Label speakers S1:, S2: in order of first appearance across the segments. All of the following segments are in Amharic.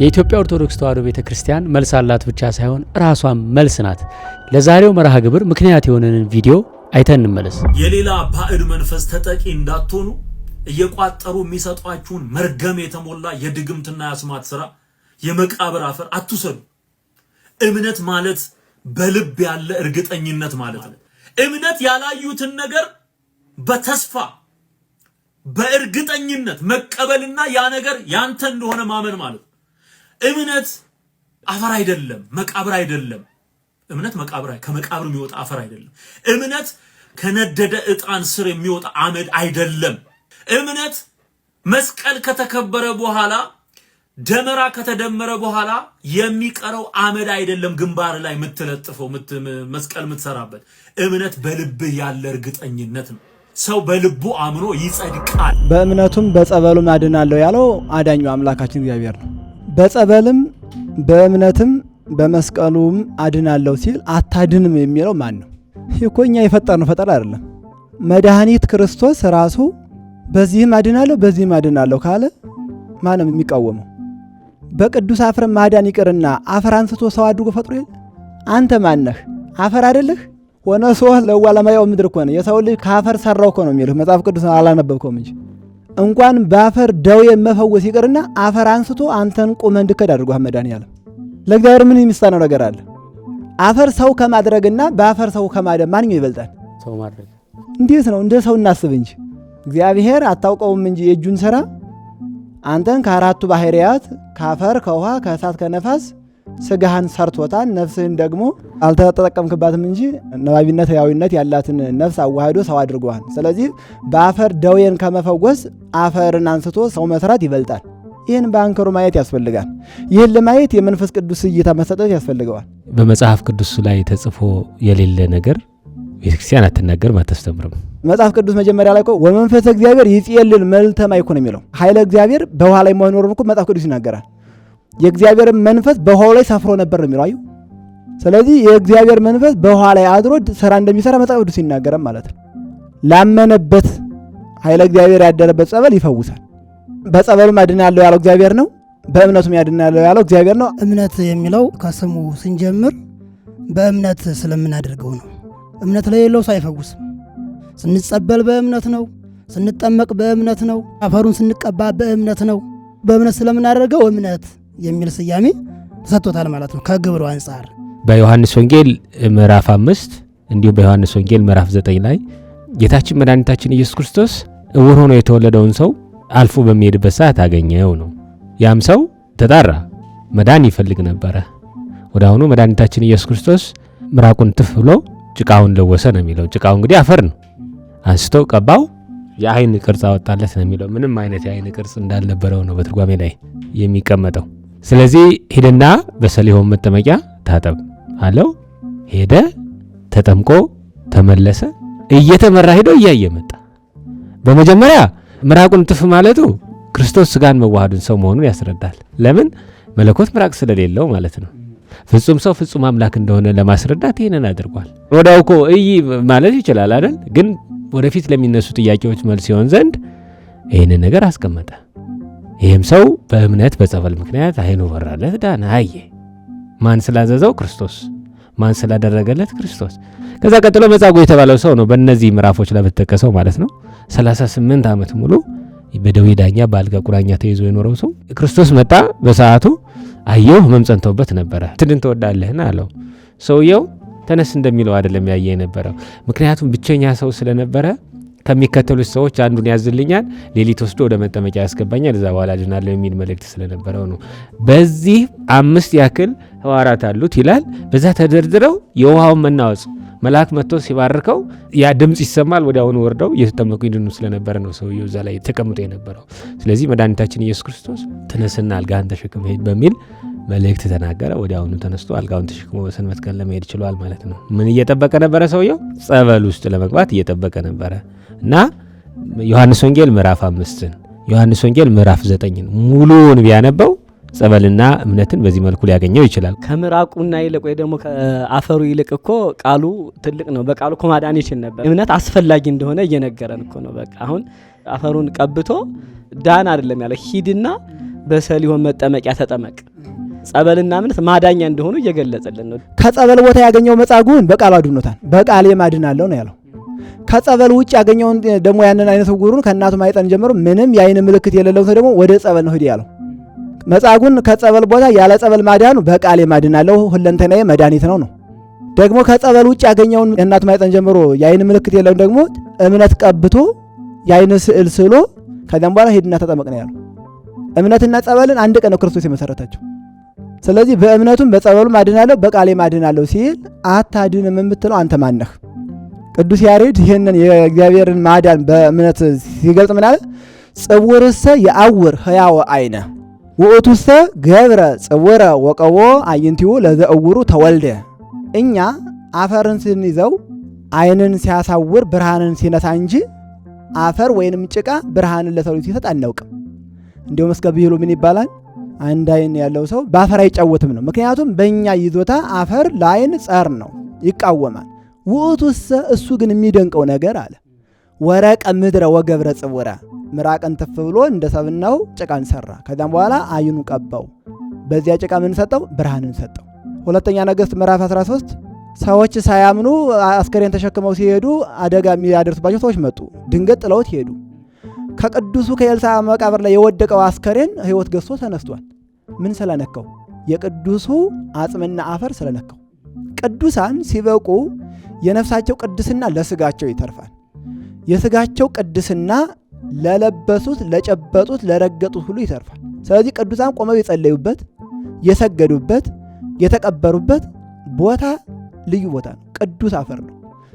S1: የኢትዮጵያ ኦርቶዶክስ ተዋሕዶ ቤተ ክርስቲያን መልስ አላት ብቻ ሳይሆን ራሷን መልስ ናት። ለዛሬው መርሃ ግብር ምክንያት የሆነንን ቪዲዮ አይተን እንመለስ።
S2: የሌላ ባዕድ መንፈስ ተጠቂ እንዳትሆኑ እየቋጠሩ የሚሰጧችሁን መርገም የተሞላ የድግምትና የአስማት ስራ፣ የመቃብር አፈር አትውሰዱ። እምነት ማለት በልብ ያለ እርግጠኝነት ማለት ነው። እምነት ያላዩትን ነገር በተስፋ በእርግጠኝነት መቀበልና ያ ነገር ያንተ እንደሆነ ማመን ማለት ነው። እምነት አፈር አይደለም፣ መቃብር አይደለም። እምነት መቃብር ከመቃብር የሚወጣ አፈር አይደለም። እምነት ከነደደ ዕጣን ስር የሚወጣ አመድ አይደለም። እምነት መስቀል ከተከበረ በኋላ ደመራ ከተደመረ በኋላ የሚቀረው አመድ አይደለም። ግንባር ላይ የምትለጥፈው መስቀል የምትሰራበት እምነት በልብ ያለ እርግጠኝነት ነው። ሰው በልቡ አምኖ ይጸድቃል፣
S3: በእምነቱም በጸበሉም አድናለሁ ያለው አዳኙ አምላካችን እግዚአብሔር ነው። በጸበልም በእምነትም በመስቀሉም አድናለሁ ሲል አታድንም የሚለው ማን ነው? ይህ እኮ እኛ የፈጠርነው ፈጠራ አይደለም። መድኃኒት ክርስቶስ ራሱ በዚህም አድናለሁ በዚህም አድናለሁ ካለ ማንም የሚቃወመው? በቅዱስ አፈር ማዳን ይቅርና አፈር አንስቶ ሰው አድርጎ ፈጥሮ የለ። አንተ ማነህ? አፈር አይደለህ? ሆነ ሰው ለዋለማያው ምድር እኮ ነው። የሰው ልጅ ከአፈር ሰራው እኮ ነው የሚልህ መጽሐፍ ቅዱስ። አላነበብከውም እንጂ እንኳን በአፈር ደዌ መፈወስ ይቅርና አፈር አንስቶ አንተን ቁመ እንድከድ አድርጎሃል መድኃኒዓለም። ለእግዚአብሔር ምን የሚሳነው ነገር አለ? አፈር ሰው ከማድረግና በአፈር ሰው ከማደ ማንኛው ይበልጣል? ሰው ማድረግ እንዴት ነው? እንደ ሰው እናስብ እንጂ እግዚአብሔር አታውቀውም እንጂ የእጁን ስራ አንተን ከአራቱ ባህርያት ከአፈር፣ ከውሃ፣ ከእሳት፣ ከነፋስ ስጋህን ሰርቶታል፣ ነፍስህን ደግሞ አልተጠቀምክባትም እንጂ ነባቢነት ሕያዊነት ያላትን ነፍስ አዋህዶ ሰው አድርጓል። ስለዚህ በአፈር ደዌን ከመፈወስ አፈርን አንስቶ ሰው መስራት ይበልጣል። ይህን በአንከሩ ማየት ያስፈልጋል። ይህን ለማየት የመንፈስ ቅዱስ እይታ መሰጠት ያስፈልገዋል።
S1: በመጽሐፍ ቅዱስ ላይ ተጽፎ የሌለ ነገር ቤተክርስቲያን አትናገርም አታስተምርም።
S3: መጽሐፍ ቅዱስ መጀመሪያ ላይ ወመንፈስ እግዚአብሔር ይጽየልል መልተማ ይኮን የሚለው ኃይለ እግዚአብሔር በውሃ ላይ መኖሩን እኮ መጽሐፍ ቅዱስ ይናገራል። የእግዚአብሔር መንፈስ በውሃው ላይ ሰፍሮ ነበር ነው የሚለው። አዩ ስለዚህ የእግዚአብሔር መንፈስ በውሃ ላይ አድሮ ስራ እንደሚሰራ መጽሐፍ ቅዱስ ይናገራል ማለት ነው። ላመነበት ኃይለ እግዚአብሔር ያደረበት ጸበል ይፈውሳል። በጸበሉም ያድናለሁ ያለው እግዚአብሔር ነው። በእምነቱም ያድናለሁ ያለው እግዚአብሔር ነው።
S4: እምነት የሚለው ከስሙ ስንጀምር በእምነት ስለምናደርገው ነው። እምነት ለሌለው ሰው አይፈውስም። ስንጸበል በእምነት ነው። ስንጠመቅ በእምነት ነው። አፈሩን ስንቀባ በእምነት ነው። በእምነት ስለምናደርገው እምነት የሚል ስያሜ ተሰጥቶታል ማለት ነው። ከግብሩ አንጻር
S1: በዮሐንስ ወንጌል ምዕራፍ አምስት እንዲሁም በዮሐንስ ወንጌል ምዕራፍ ዘጠኝ ላይ ጌታችን መድኃኒታችን ኢየሱስ ክርስቶስ እውር ሆኖ የተወለደውን ሰው አልፎ በሚሄድበት ሰዓት አገኘው ነው። ያም ሰው ተጣራ፣ መዳን ይፈልግ ነበረ። ወደ አሁኑ መድኃኒታችን ኢየሱስ ክርስቶስ ምራቁን ትፍ ብሎ ጭቃውን ለወሰ ነው የሚለው። ጭቃው እንግዲህ አፈር ነው። አንስቶ ቀባው፣ የአይን ቅርጽ አወጣለት ነው የሚለው። ምንም አይነት የአይን ቅርጽ እንዳልነበረው ነው በትርጓሜ ላይ የሚቀመጠው። ስለዚህ ሂድና በሰሊሆም መጠመቂያ ታጠብ አለው። ሄደ፣ ተጠምቆ ተመለሰ። እየተመራ ሄዶ እያየ መጣ። በመጀመሪያ ምራቁን ትፍ ማለቱ ክርስቶስ ስጋን መዋሃዱን ሰው መሆኑን ያስረዳል። ለምን መለኮት ምራቅ ስለሌለው ማለት ነው። ፍጹም ሰው ፍጹም አምላክ እንደሆነ ለማስረዳት ይህንን አድርጓል። ወዲያው እኮ እይ ማለት ይችላል አይደል? ግን ወደፊት ለሚነሱ ጥያቄዎች መልስ ሲሆን ዘንድ ይህንን ነገር አስቀመጠ። ይህም ሰው በእምነት በጸበል ምክንያት አይኑ በራለት፣ ዳነ፣ አየ። ማን ስላዘዘው? ክርስቶስ። ማን ስላደረገለት? ክርስቶስ። ከዛ ቀጥሎ መጻጉዕ የተባለው ሰው ነው በእነዚህ ምዕራፎች ላይ በተጠቀሰው ማለት ነው። 38 ዓመት ሙሉ በደዌ ዳኛ በአልጋ ቁራኛ ተይዞ የኖረው ሰው ክርስቶስ መጣ በሰዓቱ አየው። ህመም ጸንቶበት ነበረ። ትድን ትወዳለህን አለው። ሰውየው ተነስ እንደሚለው አይደለም ያየ የነበረው ምክንያቱም ብቸኛ ሰው ስለነበረ ከሚከተሉት ሰዎች አንዱን ያዝልኛል፣ ሌሊት ወስዶ ወደ መጠመቂያ ያስገባኛል፣ እዛ በኋላ ድናለሁ የሚል መልእክት ስለነበረው ነው። በዚህ አምስት ያክል ህዋራት አሉት ይላል። በዛ ተደርድረው የውሃውን መናወጽ መልአክ መጥቶ ሲባርከው ያ ድምፅ ይሰማል። ወዲያውኑ ወርደው እየተጠመቁ ይድኑ ስለነበረ ነው ሰውየው እዛ ላይ ተቀምጦ የነበረው። ስለዚህ መድኃኒታችን ኢየሱስ ክርስቶስ ተነስና አልጋህን ተሸክመ ሄድ በሚል መልእክት ተናገረ። ወዲያውኑ ተነስቶ አልጋውን ተሸክሞ በሰንበት ቀን ለመሄድ ችሏል ማለት ነው። ምን እየጠበቀ ነበረ? ሰውየው ጸበል ውስጥ ለመግባት እየጠበቀ ነበረ። እና ዮሐንስ ወንጌል ምዕራፍ አምስትን ዮሐንስ ወንጌል ምዕራፍ ዘጠኝን ሙሉውን ቢያነበው ጸበልና እምነትን በዚህ መልኩ ሊያገኘው ይችላል።
S4: ከምራቁና ይልቅ ወይ ደግሞ ከአፈሩ ይልቅ እኮ ቃሉ ትልቅ ነው። በቃሉ እኮ ማዳን ይችል ነበር። እምነት አስፈላጊ እንደሆነ እየነገረን እኮ ነው። በቃ አሁን አፈሩን ቀብቶ ዳን አይደለም ያለ፣ ሂድና በሰሊሆን መጠመቂያ ተጠመቅ። ጸበልና እምነት ማዳኛ እንደሆኑ እየገለጸልን ነው።
S3: ከጸበል ቦታ ያገኘው መጻጉዕን በቃሉ አድኖታል። በቃሌ ማድናለሁ ነው ያለው። ከጸበል ውጭ ያገኘውን ደግሞ ያንን አይነት ዕውሩን ከእናቱ ማይጠን ጀምሮ ምንም የአይን ምልክት የሌለው ሰው ደግሞ ወደ ጸበል ነው ሂድ ያለው። መጻጉን ከጸበል ቦታ ያለ ጸበል ማዳኑ በቃሌ ማድናለሁ፣ ሁለንተናዬ መድኃኒት ነው ነው ደግሞ ከጸበል ውጭ ያገኘውን እናቱ ማይጠን ጀምሮ የአይን ምልክት የለውም ደግሞ እምነት ቀብቶ የአይን ስዕል ስሎ ከዚያም በኋላ ሄድና ተጠመቅ ነው ያለው። እምነትና ጸበልን አንድ ቀን ነው ክርስቶስ የመሰረታቸው። ስለዚህ በእምነቱም በጸበሉም አድናለሁ በቃሌም አድናለሁ ሲል አታድንም የምትለው አንተ ማነህ? ቅዱስ ያሬድ ይህንን የእግዚአብሔርን ማዳን በእምነት ሲገልጽ ምናለ ጽውርሰ የአውር ህያወ አይነ ውእቱሰ ገብረ ጽውረ ወቀቦ አይንቲው ለዘእውሩ ተወልደ። እኛ አፈርን ስንይዘው አይንን ሲያሳውር ብርሃንን ሲነሳ እንጂ አፈር ወይንም ጭቃ ብርሃንን ለሰው ልጅ ሲሰጥ አናውቅም። እንዲሁም እስከ ብሂሉ ምን ይባላል? አንድ አይን ያለው ሰው በአፈር አይጫወትም ነው። ምክንያቱም በእኛ ይዞታ አፈር ለአይን ጸር ነው፣ ይቃወማል። ውእቱሰ እሱ ግን የሚደንቀው ነገር አለ ወረቀ ምድረ ወገብረ ጽውረ ምራቅን ትፍ ብሎ እንደ ሰብናው ጭቃን ሰራ። ከዚያም በኋላ አይኑ ቀባው፣ በዚያ ጭቃ ምን ሰጠው? ብርሃንን ሰጠው። ሁለተኛ ነገሥት ምዕራፍ 13 ሰዎች ሳያምኑ አስከሬን ተሸክመው ሲሄዱ አደጋ የሚያደርስባቸው ሰዎች መጡ። ድንገት ጥለውት ሄዱ። ከቅዱሱ ከኤልሳ መቃብር ላይ የወደቀው አስከሬን ሕይወት ገዝቶ ተነስቷል። ምን ስለነካው? የቅዱሱ አጽምና አፈር ስለነካው። ቅዱሳን ሲበቁ የነፍሳቸው ቅድስና ለስጋቸው ይተርፋል። የስጋቸው ቅድስና ለለበሱት፣ ለጨበጡት፣ ለረገጡት ሁሉ ይተርፋል። ስለዚህ ቅዱሳን ቆመው የጸለዩበት፣ የሰገዱበት፣ የተቀበሩበት ቦታ ልዩ ቦታ ነው። ቅዱስ አፈር ነው።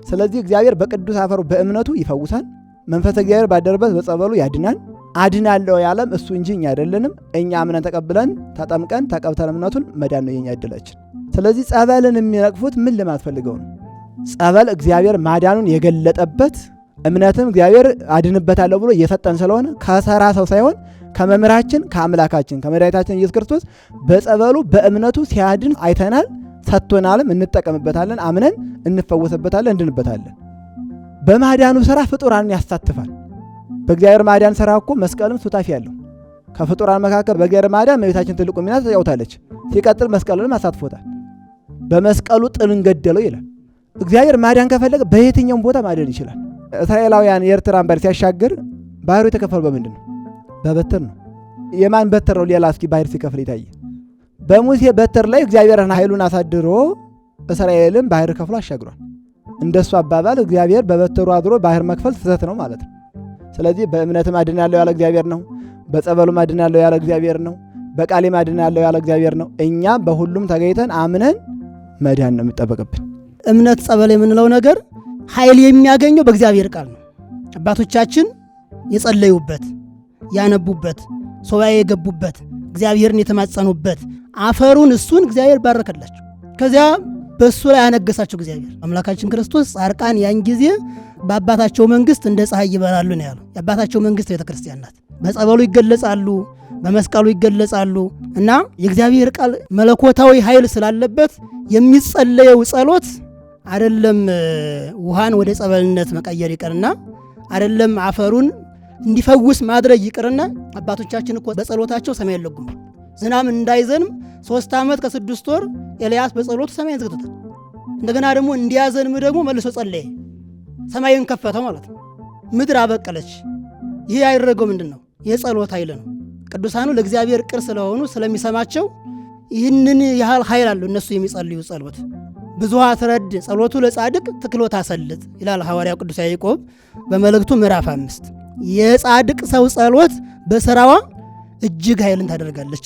S3: ስለዚህ እግዚአብሔር በቅዱስ አፈሩ በእምነቱ ይፈውሳል። መንፈስ እግዚአብሔር ባደረበት በጸበሉ ያድናል። አድናለው ያለም እሱ እንጂ እኛ አይደለንም። እኛ አምነን ተቀብለን ተጠምቀን ተቀብተን እምነቱን መዳን ነው የኛ እድላችን። ስለዚህ ጸበልን የሚነቅፉት ምን ለማትፈልገው ነው? ጸበል እግዚአብሔር ማዳኑን የገለጠበት እምነትም እግዚአብሔር አድንበታለሁ ብሎ እየሰጠን ስለሆነ ከሰራ ሰው ሳይሆን ከመምህራችን ከአምላካችን ከመድኃኒታችን ኢየሱስ ክርስቶስ በጸበሉ በእምነቱ ሲያድን አይተናል። ሰጥቶናልም፣ እንጠቀምበታለን፣ አምነን እንፈወሰበታለን፣ እንድንበታለን። በማዳኑ ስራ ፍጡራንን ያሳትፋል። በእግዚአብሔር ማዳን ስራ እኮ መስቀልም ሱታፊ ያለው ከፍጡራን መካከል በእግዚአብሔር ማዳን መቤታችን ትልቁ ሚና ተጫውታለች። ሲቀጥል መስቀልንም አሳትፎታል። በመስቀሉ ጥልን ገደለው ይላል እግዚአብሔር ማዳን ከፈለገ በየትኛውም ቦታ ማዳን ይችላል። እስራኤላውያን የኤርትራን ባህር ሲያሻግር ባህሩ የተከፈሉ በምንድን ነው? በበትር ነው። የማን በትር ነው? ሌላ እስኪ ባህር ሲከፍል የታየ በሙሴ በትር ላይ እግዚአብሔርን ኃይሉን አሳድሮ እስራኤልን ባህር ከፍሎ አሻግሯል። እንደሱ አባባል እግዚአብሔር በበትሩ አድሮ ባህር መክፈል ስህተት ነው ማለት ነው። ስለዚህ ማድን ያለው ያለ እግዚአብሔር ነው። ማድን ያለው ያለ እግዚአብሔር ነው። በቃሌም ያለው ያለ እግዚአብሔር ነው። እኛ በሁሉም ተገኝተን አምነን መዳን ነው የሚጠበቅብን።
S4: እምነት ጸበል የምንለው ነገር ኃይል የሚያገኘው በእግዚአብሔር ቃል ነው። አባቶቻችን የጸለዩበት፣ ያነቡበት፣ ሱባኤ የገቡበት፣ እግዚአብሔርን የተማጸኑበት አፈሩን እሱን እግዚአብሔር ባረከላቸው። ከዚያ በእሱ ላይ ያነገሳቸው እግዚአብሔር አምላካችን ክርስቶስ ጻርቃን ያን ጊዜ በአባታቸው መንግስት እንደ ፀሐይ ይበራሉ ነው ያሉ። የአባታቸው መንግስት ቤተ ክርስቲያን ናት። በጸበሉ ይገለጻሉ፣ በመስቀሉ ይገለጻሉ እና የእግዚአብሔር ቃል መለኮታዊ ኃይል ስላለበት የሚጸለየው ጸሎት አደለም ውሃን ወደ ጸበልነት መቀየር ይቅርና አደለም አፈሩን እንዲፈውስ ማድረግ ይቅርና አባቶቻችን እኮ በጸሎታቸው ሰማይ ለጉም ዝናብ እንዳይዘንም ሶስት ዓመት ከስድስት ወር ኤልያስ በጸሎቱ ሰማይን ዘግቶታል። እንደገና ደግሞ እንዲያዘንም ደግሞ መልሶ ጸለየ፣ ሰማይን ከፈተው ማለት ነው። ምድር አበቀለች። ይህ ያደረገው ምንድን ነው? የጸሎት ኃይል ነው። ቅዱሳኑ ለእግዚአብሔር ቅር ስለሆኑ ስለሚሰማቸው ይህንን ያህል ኃይል አለው እነሱ የሚጸልዩ ጸሎት ብዙሃ ትረድ ጸሎቱ ለጻድቅ ትክሎ አሰልጥ ይላል ሐዋርያው ቅዱስ ያዕቆብ በመልእክቱ ምዕራፍ አምስት የጻድቅ ሰው ጸሎት በስራዋ እጅግ ኃይልን ታደርጋለች።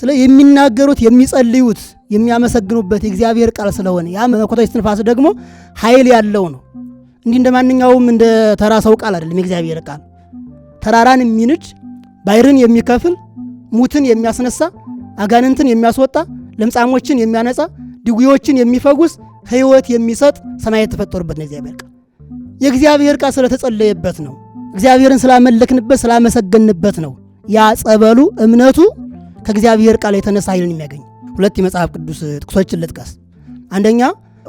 S4: ስለ የሚናገሩት የሚጸልዩት የሚያመሰግኑበት የእግዚአብሔር ቃል ስለሆነ ያ መለኮታዊ እስትንፋስ ደግሞ ኃይል ያለው ነው። እንዲህ እንደ ማንኛውም እንደ ተራ ሰው ቃል አይደለም። የእግዚአብሔር ቃል ተራራን የሚንድ ባይርን የሚከፍል ሙትን የሚያስነሳ አጋንንትን የሚያስወጣ ለምጻሞችን የሚያነጻ ድጉዮችን የሚፈውስ ሕይወት የሚሰጥ ሰማይ የተፈጠሩበት ነው እግዚአብሔር ቃል። የእግዚአብሔር ቃል ስለተጸለየበት ነው። እግዚአብሔርን ስላመለክንበት ስላመሰገንበት ነው። ያ ጸበሉ እምነቱ ከእግዚአብሔር ቃል የተነሳ ኃይልን የሚያገኝ ሁለት የመጽሐፍ ቅዱስ ጥቅሶችን ልጥቀስ። አንደኛ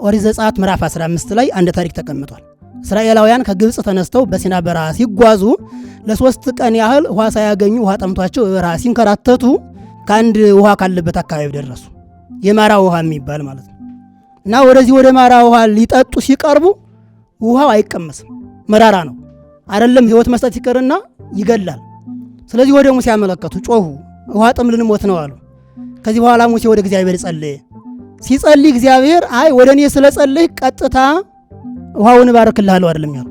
S4: ኦሪት ዘጸአት ምዕራፍ 15 ላይ አንድ ታሪክ ተቀምጧል። እስራኤላውያን ከግብፅ ተነስተው በሲና በረሃ ሲጓዙ ለሶስት ቀን ያህል ውሃ ሳያገኙ ውሃ ጠምቷቸው በረሃ ሲንከራተቱ ከአንድ ውሃ ካለበት አካባቢ ደረሱ። የማራ ውሃ የሚባል ማለት ነው። እና ወደዚህ ወደ ማራ ውሃ ሊጠጡ ሲቀርቡ ውሃው አይቀመስም፣ መራራ ነው። አይደለም ህይወት መስጠት ይቅርና ይገላል። ስለዚህ ወደ ሙሴ ያመለከቱ፣ ጮሁ፣ ውሃ ጥም ልንሞት ነው አሉ። ከዚህ በኋላ ሙሴ ወደ እግዚአብሔር ጸለየ። ሲጸልይ እግዚአብሔር አይ ወደ እኔ ስለ ቀጥታ ውሃውን እባርክልሃለሁ አይደለም ያሉ።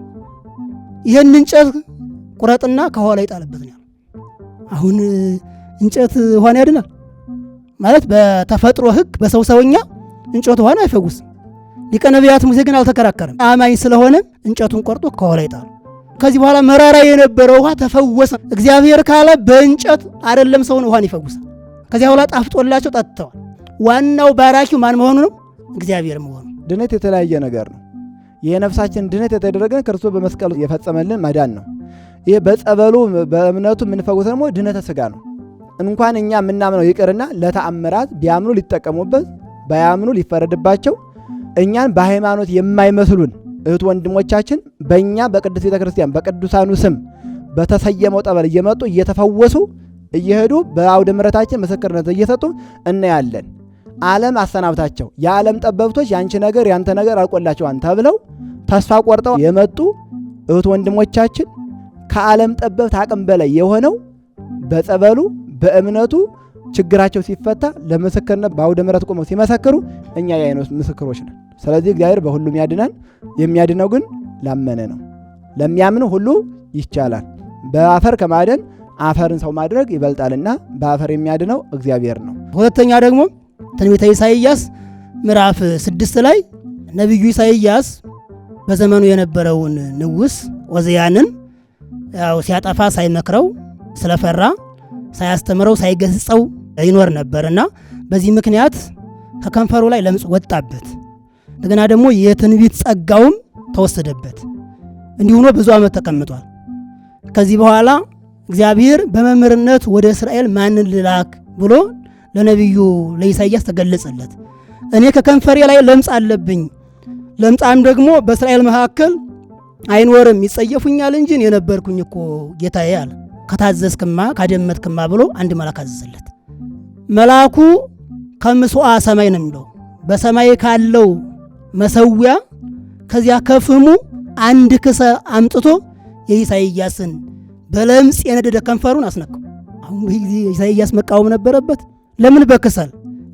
S4: ይህን እንጨት ቁረጥና ከውሃ ላይ ነው ያሉ። አሁን እንጨት ውሃን ያድናል? ማለት በተፈጥሮ ህግ በሰው ሰውኛ እንጨት ውሃን አይፈውስም። ሊቀ ነቢያት ሙሴ ግን አልተከራከረም። አማኝ ስለሆነ እንጨቱን ቆርጦ ከኋላ ይጣሉ። ከዚህ በኋላ መራራ የነበረው ውሃ ተፈወሰ። እግዚአብሔር ካለ በእንጨት አይደለም ሰውን ውሃን ይፈውሳል። ከዚያ በኋላ ጣፍጦላቸው ጠጥተዋል። ዋናው ባራኪው ማን መሆኑ ነው? እግዚአብሔር መሆኑ።
S3: ድነት የተለያየ ነገር ነው። የነፍሳችን ድነት የተደረገን ክርስቶስ በመስቀሉ የፈጸመልን መዳን ነው። ይህ በጸበሉ በእምነቱ የምንፈወሰ ደግሞ ድነተ ስጋ ነው። እንኳን እኛ የምናምነው ይቅርና ለተአምራት ቢያምኑ ሊጠቀሙበት ባያምኑ ሊፈረድባቸው እኛን በሃይማኖት የማይመስሉን እህት ወንድሞቻችን በእኛ በቅዱስ ቤተ ክርስቲያን በቅዱሳኑ ስም በተሰየመው ጠበል እየመጡ እየተፈወሱ እየሄዱ በአውደ ምረታችን ምስክርነት እየሰጡ እናያለን። ዓለም አሰናብታቸው የዓለም ጠበብቶች ያንቺ ነገር ያንተ ነገር አልቆላቸዋን ተብለው ተስፋ ቆርጠው የመጡ እህት ወንድሞቻችን ከዓለም ጠበብት አቅም በላይ የሆነው በጸበሉ በእምነቱ ችግራቸው ሲፈታ ለምስክርነት በአውደ ምሕረት ቆመው ሲመሰክሩ እኛ የአይኖት ምስክሮች ነን። ስለዚህ እግዚአብሔር በሁሉም ያድናል። የሚያድነው ግን ላመነ ነው። ለሚያምን ሁሉ ይቻላል። በአፈር ከማደን አፈርን ሰው ማድረግ ይበልጣልና በአፈር የሚያድነው እግዚአብሔር ነው።
S4: ሁለተኛ ደግሞ ትንቢተ ኢሳይያስ ምዕራፍ ስድስት ላይ ነቢዩ ኢሳይያስ በዘመኑ የነበረውን ንጉሥ ዖዝያንን ያው ሲያጠፋ ሳይመክረው ስለፈራ ሳያስተምረው ሳይገስጸው ይኖር ነበርና በዚህ ምክንያት ከከንፈሩ ላይ ለምጽ ወጣበት። እንደገና ደግሞ የትንቢት ጸጋውም ተወሰደበት። እንዲሁ ሆኖ ብዙ ዓመት ተቀምጧል። ከዚህ በኋላ እግዚአብሔር በመምህርነት ወደ እስራኤል ማንን ልላክ ብሎ ለነቢዩ ለኢሳይያስ ተገለጸለት። እኔ ከከንፈሬ ላይ ለምጽ አለብኝ፣ ለምጻም ደግሞ በእስራኤል መካከል አይኖርም፣ ይጸየፉኛል እንጂ የነበርኩኝ እኮ ጌታዬ አለ። ከታዘዝክማ ካደመጥክማ ብሎ አንድ መልአክ አዘዘለት። መልአኩ ከምስዋ ሰማይ ነው የሚለው በሰማይ ካለው መሰዊያ ከዚያ ከፍሙ አንድ ክሰ አምጥቶ የኢሳይያስን በለምጽ የነደደ ከንፈሩን አስነካው። አሁን ጊዜ ኢሳይያስ መቃወም ነበረበት። ለምን በክሰል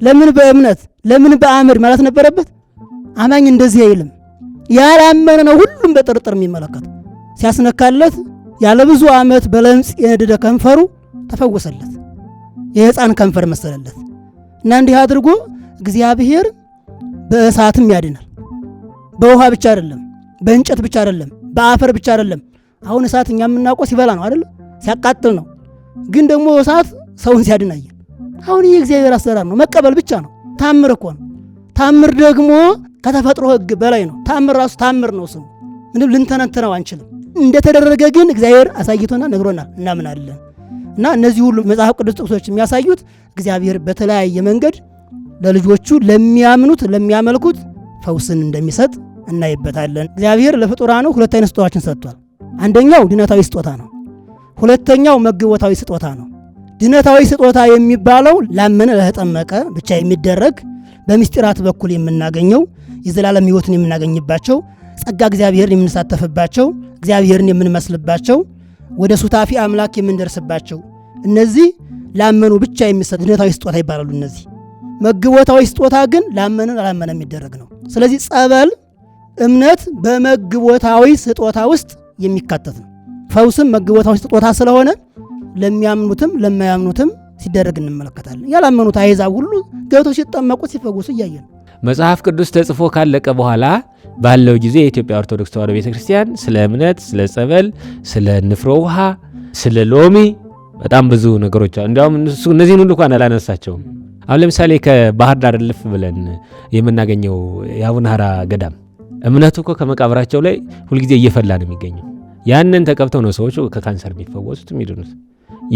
S4: ለምን በእምነት ለምን በአምድ ማለት ነበረበት። አማኝ እንደዚህ አይልም። ያላመነ ነው ሁሉም በጥርጥር የሚመለከት ሲያስነካለት ያለ ብዙ ዓመት በለምጽ የነደደ ከንፈሩ ተፈወሰለት፣ የሕፃን ከንፈር መሰለለት እና እንዲህ አድርጎ እግዚአብሔር በእሳትም ያድናል። በውሃ ብቻ አይደለም፣ በእንጨት ብቻ አይደለም፣ በአፈር ብቻ አይደለም። አሁን እሳት እኛ የምናውቀው ሲበላ ነው አይደለም፣ ሲያቃጥል ነው። ግን ደግሞ እሳት ሰውን ሲያድናየ አሁን ይህ እግዚአብሔር አሰራር ነው። መቀበል ብቻ ነው። ታምር እኮ ነው። ታምር ደግሞ ከተፈጥሮ ሕግ በላይ ነው። ታምር ራሱ ታምር ነው ስሙ። ምንም ልንተነትነው አንችልም። እንደተደረገ ግን እግዚአብሔር አሳይቶና ነግሮናል፣ እናምናለን። እና እነዚህ ሁሉ መጽሐፍ ቅዱስ ጥቅሶች የሚያሳዩት እግዚአብሔር በተለያየ መንገድ ለልጆቹ ለሚያምኑት ለሚያመልኩት ፈውስን እንደሚሰጥ እናይበታለን። እግዚአብሔር ለፍጡራኑ ሁለት አይነት ስጦታዎችን ሰጥቷል። አንደኛው ድነታዊ ስጦታ ነው። ሁለተኛው መግቦታዊ ስጦታ ነው። ድነታዊ ስጦታ የሚባለው ላመነ ለተጠመቀ ብቻ የሚደረግ በምስጢራት በኩል የምናገኘው የዘላለም ሕይወትን የምናገኝባቸው ጸጋ እግዚአብሔርን የምንሳተፍባቸው እግዚአብሔርን የምንመስልባቸው ወደ ሱታፊ አምላክ የምንደርስባቸው እነዚህ ላመኑ ብቻ የሚሰጥ ድነታዊ ስጦታ ይባላሉ። እነዚህ መግቦታዊ ስጦታ ግን ላመነን አላመነ የሚደረግ ነው። ስለዚህ ጸበል እምነት በመግቦታዊ ስጦታ ውስጥ የሚካተት ነው። ፈውስም መግቦታዊ ስጦታ ስለሆነ ለሚያምኑትም ለማያምኑትም ሲደረግ እንመለከታለን። ያላመኑት አሕዛብ ሁሉ ገብተው ሲጠመቁ ሲፈወሱ እያየን
S1: መጽሐፍ ቅዱስ ተጽፎ ካለቀ በኋላ ባለው ጊዜ የኢትዮጵያ ኦርቶዶክስ ተዋሕዶ ቤተክርስቲያን ስለ እምነት፣ ስለ ጸበል፣ ስለ ንፍሮ ውሃ፣ ስለ ሎሚ በጣም ብዙ ነገሮች አሉ። እንዲያውም እነዚህን ሁሉ እንኳን አላነሳቸውም። አሁን ለምሳሌ ከባህር ዳር ልፍ ብለን የምናገኘው የአቡነ ሀራ ገዳም እምነቱ እኮ ከመቃብራቸው ላይ ሁልጊዜ እየፈላ ነው የሚገኘው። ያንን ተቀብተው ነው ሰዎች ከካንሰር የሚፈወሱት የሚድኑት።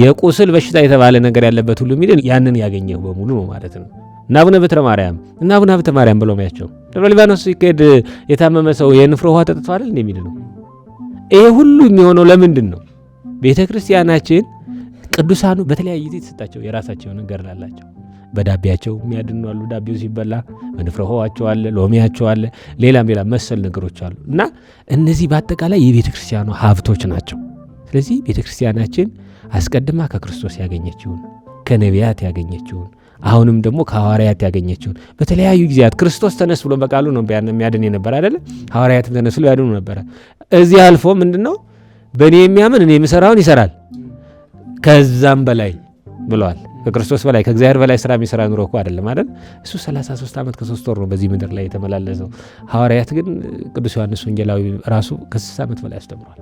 S1: የቁስል በሽታ የተባለ ነገር ያለበት ሁሉ የሚድን ያንን ያገኘው በሙሉ ነው ማለት ነው። እና አቡነ በትረ ማርያም እና አቡነ ሀብተ ማርያም ብሎ ሚያቸው ደብረ ሊባኖስ ሲካሄድ የታመመ ሰው የንፍሮ ውሃ ተጠጥቶ አይደል የሚል ነው። ይሄ ሁሉ የሚሆነው ለምንድን ነው? ቤተ ክርስቲያናችን ቅዱሳኑ በተለያየ ጊዜ የተሰጣቸው የራሳቸው የሆነ ገድል አላቸው። በዳቤያቸው የሚያድኑ አሉ። ዳቤው ሲበላ በንፍረ ውሃቸው አለ፣ ሎሚያቸው አለ፣ ሌላም ሌላ መሰል ነገሮች አሉ እና እነዚህ በአጠቃላይ የቤተ ሀብቶች ናቸው። ስለዚህ ቤተ ክርስቲያናችን አስቀድማ ከክርስቶስ ያገኘችውን ከነቢያት ያገኘችውን አሁንም ደግሞ ከሐዋርያት ያገኘችውን በተለያዩ ጊዜያት ክርስቶስ ተነስ ብሎ በቃሉ ነው የሚያድን የነበረ አይደለ? ሐዋርያትም ተነስ ብሎ ያድኑ ነበረ። እዚህ አልፎ ምንድን ነው በእኔ የሚያምን እኔ የምሰራውን ይሰራል ከዛም በላይ ብለዋል። ከክርስቶስ በላይ ከእግዚአብሔር በላይ ስራ የሚሰራ ኑሮ እኮ አይደለም አይደል? እሱ 33 ዓመት ከሶስት ወር ነው በዚህ ምድር ላይ የተመላለሰው። ሐዋርያት ግን ቅዱስ ዮሐንስ ወንጌላዊ ራሱ ከ 6 ዓመት በላይ አስተምሯል።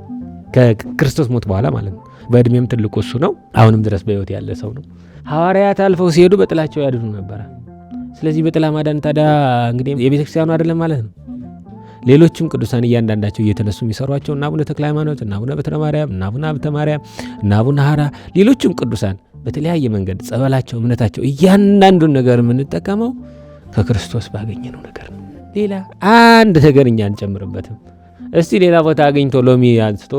S1: ከክርስቶስ ሞት በኋላ ማለት ነው። በእድሜም ትልቁ እሱ ነው። አሁንም ድረስ በህይወት ያለ ሰው ነው። ሐዋርያት አልፈው ሲሄዱ በጥላቸው ያድኑ ነበረ። ስለዚህ በጥላ ማዳን ታዲያ እንግዲህ የቤተክርስቲያኑ አይደለም ማለት ነው። ሌሎችም ቅዱሳን እያንዳንዳቸው እየተነሱ የሚሰሯቸው እና አቡነ ተክለ ሃይማኖት እና አቡነ በትረ ማርያም እና አቡነ ሀብተ ማርያም እና አቡነ ሀራ ሌሎችም ቅዱሳን በተለያየ መንገድ ጸበላቸው፣ እምነታቸው፣ እያንዳንዱን ነገር የምንጠቀመው ከክርስቶስ ባገኘነው ነገር ነው። ሌላ አንድ ነገር እኛ አንጨምርበትም። እስቲ ሌላ ቦታ አገኝቶ ሎሚ አንስቶ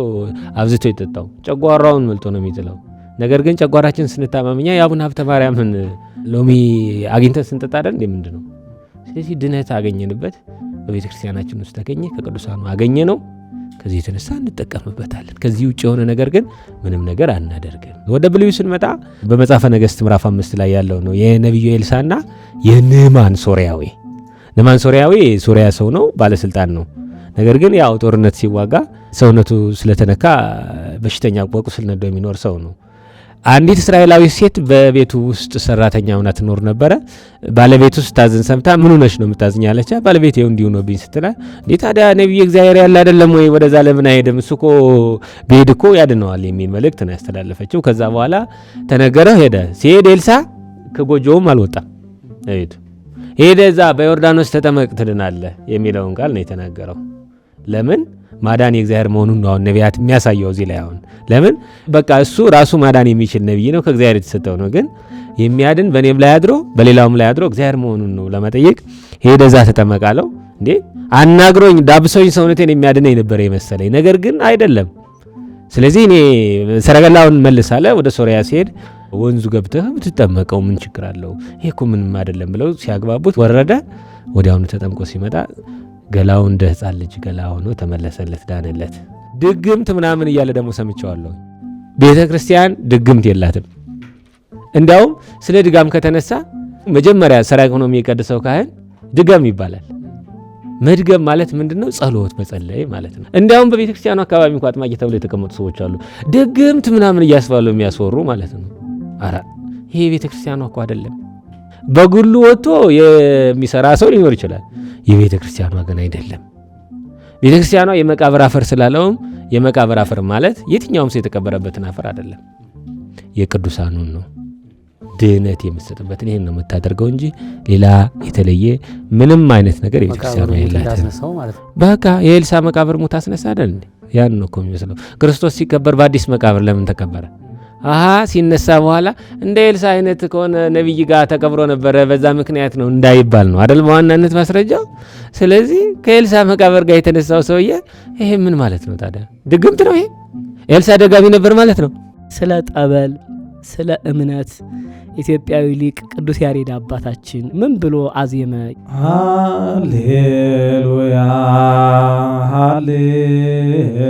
S1: አብዝቶ የጠጣው ጨጓራውን መልቶ ነው የሚጥለው። ነገር ግን ጨጓራችን ስንታመምኛ የአቡነ ሀብተ ማርያምን ሎሚ አግኝተን ስንጠጣ አይደል ምንድ ነው። ስለዚህ ድነት አገኘንበት፣ በቤተክርስቲያናችን ውስጥ ተገኘ፣ ከቅዱሳኑ አገኘ ነው። ከዚህ የተነሳ እንጠቀምበታለን። ከዚህ ውጭ የሆነ ነገር ግን ምንም ነገር አናደርግም። ወደ ብሉይ ስንመጣ በመጽሐፈ ነገሥት ምዕራፍ አምስት ላይ ያለው ነው የነቢዩ ኤልሳና የንዕማን ሶሪያዊ። ንዕማን ሶሪያዊ ሶሪያ ሰው ነው፣ ባለስልጣን ነው። ነገር ግን ያው ጦርነት ሲዋጋ ሰውነቱ ስለተነካ በሽተኛ ቆቁ ነዶ የሚኖር ሰው ነው። አንዲት እስራኤላዊ ሴት በቤቱ ውስጥ ሰራተኛ ሆና ትኖር ነበረ። ባለቤቱ ስታዝን ሰምታ ምን ነሽ ነው የምታዝኝ? አለቻ። ባለቤት ው እንዲሁ ብኝ ስትላ እንዴ ታዲያ ነቢይ እግዚአብሔር ያለ አይደለም ወይ? ወደዛ ለምን አይሄድም? እሱ እኮ እኮ ያድነዋል የሚል መልእክት ነው ያስተላለፈችው። ከዛ በኋላ ተነገረ። ሄደ። ሲሄድ ኤልሳ ከጎጆውም አልወጣም ቤቱ ሄደ። እዛ በዮርዳኖስ ተጠመቅ ትድናለህ የሚለውን ቃል ነው የተናገረው። ለምን ማዳን የእግዚአብሔር መሆኑን ነው አሁን ነቢያት የሚያሳየው እዚህ ላይ አሁን ለምን በቃ እሱ ራሱ ማዳን የሚችል ነቢይ ነው ከእግዚአብሔር የተሰጠው ነው ግን የሚያድን በእኔም ላይ አድሮ በሌላውም ላይ አድሮ እግዚአብሔር መሆኑን ነው ለመጠየቅ ሄደ እዛ ተጠመቃለው እንዴ አናግሮኝ ዳብሶኝ ሰውነቴን የሚያድነ የነበረ የመሰለኝ ነገር ግን አይደለም ስለዚህ እኔ ሰረገላውን መልሳለ ወደ ሶሪያ ሲሄድ ወንዙ ገብተህ ብትጠመቀው ምን ችግር አለው ይህ እኮ ምንም አይደለም ብለው ሲያግባቡት ወረደ ወዲያውኑ ተጠምቆ ሲመጣ ገላው እንደ ህፃን ልጅ ገላ ሆኖ ተመለሰለት፣ ዳነለት። ድግምት ምናምን እያለ ደግሞ ሰምቸዋለሁ። ቤተ ክርስቲያን ድግምት የላትም። እንዲያውም ስለ ድጋም ከተነሳ መጀመሪያ ሰራ ሆኖ የሚቀድሰው ካህን ድገም ይባላል። መድገም ማለት ምንድን ነው? ጸሎት መጸለይ ማለት ነው። እንዲያውም በቤተ ክርስቲያኑ አካባቢ እንኳ አጥማቂ ተብለው የተቀመጡ ሰዎች አሉ። ድግምት ምናምን እያስባሉ የሚያስወሩ ማለት ነው። አረ ይሄ ቤተ አኳ እኮ አይደለም በጉሉ ወጥቶ የሚሰራ ሰው ሊኖር ይችላል። የቤተ ክርስቲያኗ ግን አይደለም። ቤተ ክርስቲያኗ የመቃብር አፈር ስላለውም የመቃብር አፈር ማለት የትኛውም ሰው የተቀበረበትን አፈር አይደለም፣ የቅዱሳኑን ነው። ድህነት የምትሰጥበትን ይህን ነው የምታደርገው እንጂ ሌላ የተለየ ምንም አይነት ነገር የቤተ
S4: ክርስቲያኗ
S1: በቃ የኤልሳ መቃብር ሙት አስነሳ አይደል? ያን ነው እኮ የሚመስለው። ክርስቶስ ሲቀበር በአዲስ መቃብር ለምን ተቀበረ? አሀ ሲነሳ በኋላ እንደ ኤልሳ አይነት ከሆነ ነቢይ ጋር ተቀብሮ ነበረ፣ በዛ ምክንያት ነው እንዳይባል ነው አደል በዋናነት ማስረጃው። ስለዚህ ከኤልሳ መቃብር ጋር የተነሳው ሰውዬ ይሄ ምን ማለት ነው ታዲያ? ድግምት ነው ይሄ? ኤልሳ ደጋቢ ነበር ማለት ነው?
S3: ስለ ጠበል፣ ስለ እምነት ኢትዮጵያዊ ሊቅ ቅዱስ ያሬድ አባታችን ምን ብሎ አዜመ?
S5: ሃሌሉያ ሃሌሉያ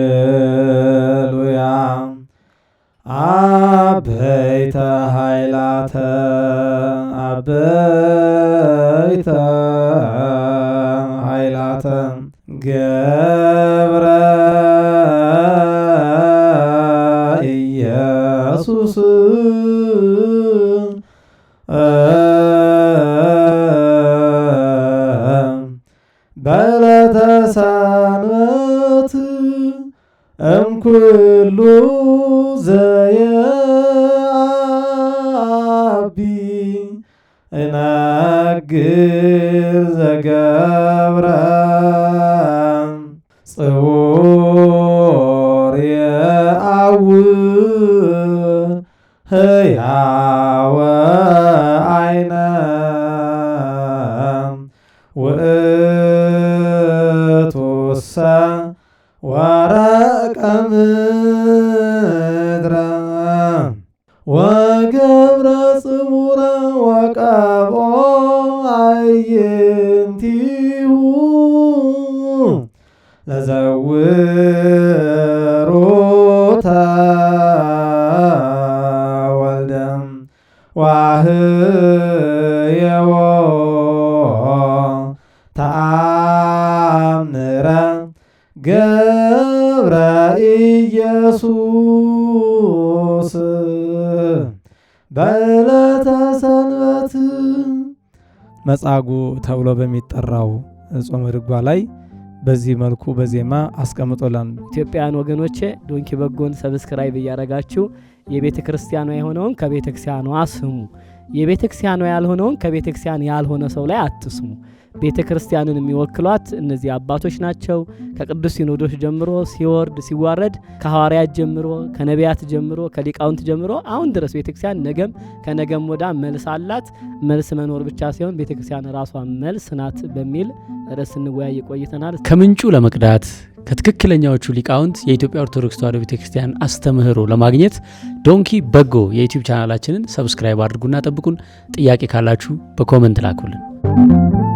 S5: አበይተ ኃይላተ አበይተ ኃይላተ ገ เฮ้ยฮา ገብረ ኢየሱስ በዕለተ ሰንበት
S3: መጻጉዕ ተብሎ በሚጠራው ጾመ ድጓ ላይ በዚህ መልኩ በዜማ አስቀምጦላል።
S4: ኢትዮጵያውያን ወገኖቼ ዶንኪ በጎን ሰብስክራይብ እያደረጋችሁ የቤተ ክርስቲያኗ የሆነውን ከቤተ ክርስቲያኗ ስሙ፣ የቤተ ክርስቲያኗ ያልሆነውን ከቤተ ክርስቲያን ያልሆነ ሰው ላይ አትስሙ። ቤተ ክርስቲያንን የሚወክሏት እነዚህ አባቶች ናቸው። ከቅዱስ ሲኖዶስ ጀምሮ ሲወርድ ሲዋረድ ከሐዋርያት ጀምሮ ከነቢያት ጀምሮ ከሊቃውንት ጀምሮ አሁን ድረስ ቤተ ክርስቲያን ነገም ከነገም ወዳ መልስ አላት። መልስ መኖር ብቻ ሳይሆን ቤተ ክርስቲያን ራሷ መልስ ናት በሚል ርዕስ እንወያይ ቆይተናል።
S1: ከምንጩ ለመቅዳት ከትክክለኛዎቹ ሊቃውንት የኢትዮጵያ ኦርቶዶክስ ተዋሕዶ ቤተ ክርስቲያን አስተምህሮ ለማግኘት ዶንኪ በጎ የዩቲዩብ ቻናላችንን ሰብስክራይብ አድርጉና ጠብቁን። ጥያቄ ካላችሁ በኮመንት ላኩልን።